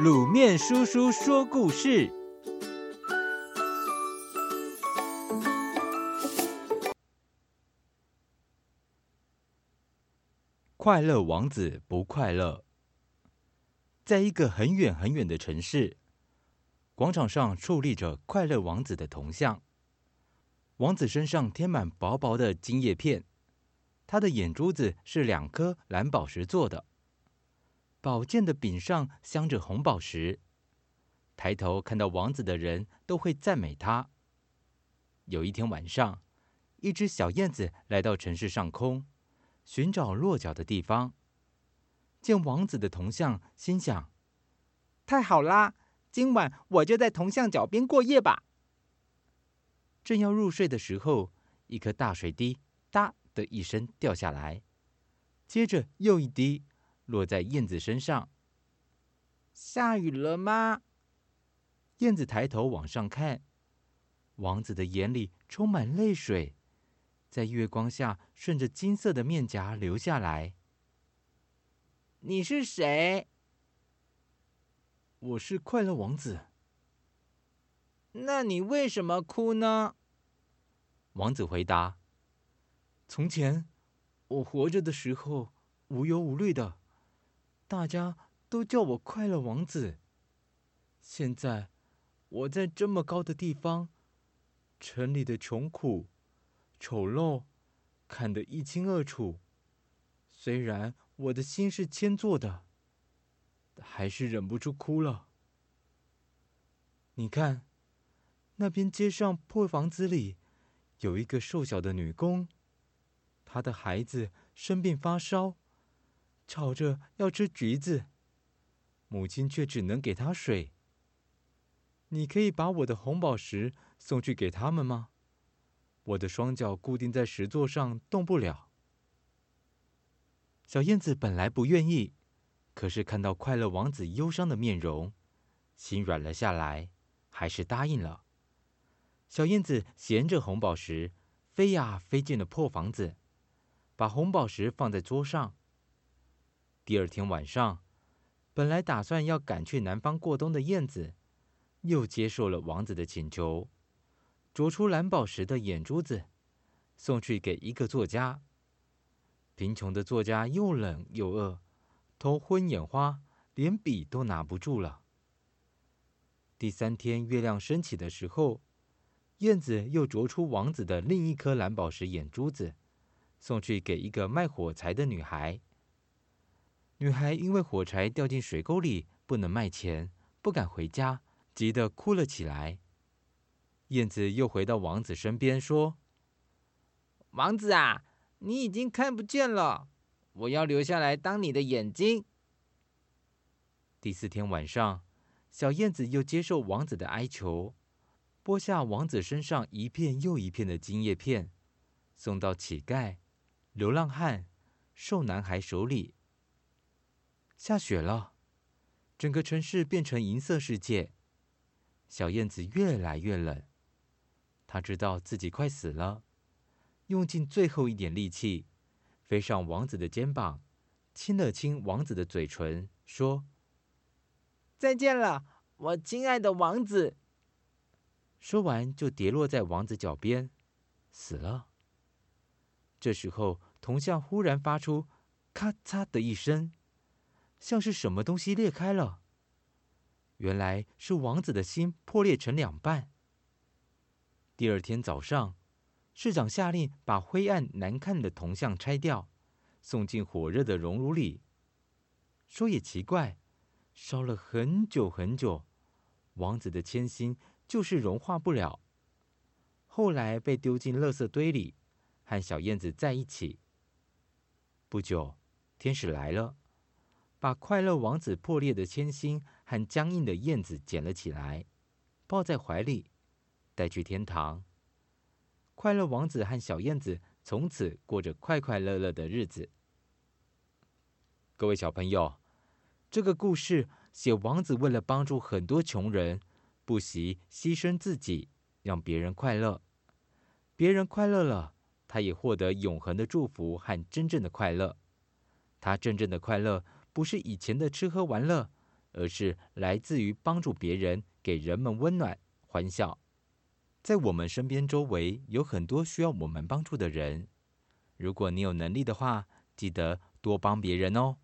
滷麵叔叔說故事：快樂王子不快樂。在一個很遠很遠的城市，廣場上矗立着快樂王子的銅像。王子身上貼滿薄薄的金葉片，他的眼珠子是兩顆藍寶石做的。寶劍的柄上鑲着紅寶石，抬頭看到王子的人都會讚美他。有一天晚上，一隻小燕子來到城市上空，尋找落腳的地方，見王子的銅像，心想：“太好啦，今晚我就在銅像腳邊過夜吧。”正要入睡的時候，一顆大水滴“嗒”的一聲掉下來，接着又一滴。落在燕子身上。下雨了嗎？燕子抬頭往上看，王子的眼裡充滿淚水，在月光下順着金色的面頰流下來。你是誰？我是快樂王子。那你為什麼哭呢？王子回答：“從前，我活着的時候無憂無慮的。”大家都叫我快樂王子。現在我在這麼高的地方，城裡的窮苦、醜陋看得一清二楚。雖然我的心是鉛做的，還是忍不住哭了。你看，那邊街上破房子裡有一個瘦小的女工，她的孩子生病發燒，吵着要吃橘子，母親卻只能給他水。你可以把我的紅寶石送去給他們嗎？我的雙腳固定在石座上，動不了。小燕子本來不願意，可是看到快樂王子憂傷的面容，心軟了下來，還是答應了。小燕子銜着紅寶石，飛呀飛進了破房子，把紅寶石放在桌上。第二天晚上，本來打算要趕去南方過冬的燕子，又接受了王子的請求，啄出藍寶石的眼珠子，送去給一個作家。貧窮的作家又冷又餓，頭昏眼花，連筆都拿不住了。第三天月亮升起的時候，燕子又啄出王子的另一顆藍寶石眼珠子，送去給一個賣火柴的女孩。女孩因為火柴掉進水溝裡，不能賣錢，不敢回家，急得哭了起來。燕子又回到王子身邊，說：“王子啊，你已經看不見了，我要留下來當你的眼睛。”第四天晚上，小燕子又接受王子的哀求，剝下王子身上一片又一片的金葉片，送到乞丐、流浪漢、瘦男孩手裡。下雪了，整個城市變成銀色世界。小燕子越來越冷，她知道自己快死了，用盡最後一點力氣，飛上王子的肩膀，親了親王子的嘴唇，說：“再見了，我親愛的王子。”說完就跌落在王子腳邊，死了。這時候，銅像忽然發出“咔嚓”的一聲。像是什麼東西裂開了，原來是王子的心破裂成兩半。第二天早上，市長下令把灰暗難看的銅像拆掉，送進火熱的熔爐裡。說也奇怪，燒了很久很久，王子的鉛心就是融化不了。後來被丟進垃圾堆裡，和小燕子在一起。不久，天使來了。把快樂王子破裂的鉛心和僵硬的燕子撿了起來，抱在懷裡，帶去天堂。快樂王子和小燕子從此過着快快樂樂的日子。各位小朋友，這個故事寫王子為了幫助很多窮人，不惜犧牲自己，讓別人快樂。別人快樂了，他也獲得永恆的祝福和真正的快樂。他真正的快樂。不是以前的吃喝玩樂，而是來自於幫助別人，給人們溫暖歡笑。在我們身邊周圍有很多需要我們幫助的人，如果你有能力的話，記得多幫別人哦。